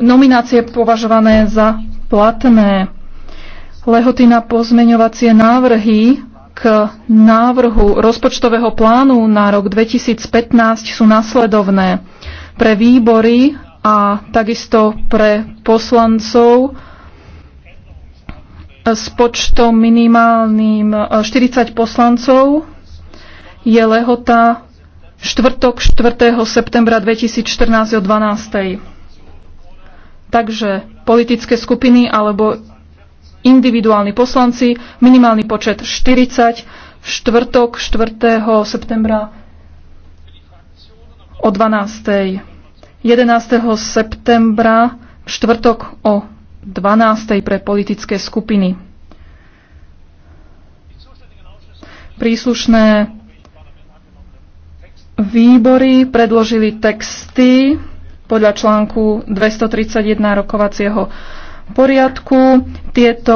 nominácie považované za platné. Lehoty na pozmeňovacie návrhy k návrhu rozpočtového plánu na rok 2015 sú nasledovné. Pre výbory a takisto pre poslancov s počtom minimálnym 40 e, poslancov je lehota štvrtok 4. septembra 2014 o 12. Takže politické skupiny alebo individuálni poslanci, minimálny počet 40, v štvrtok 4. septembra o 12. 11. septembra v štvrtok o 12. pre politické skupiny. Príslušné výbory predložili texty podľa článku 231 rokovacieho poriadku. Tieto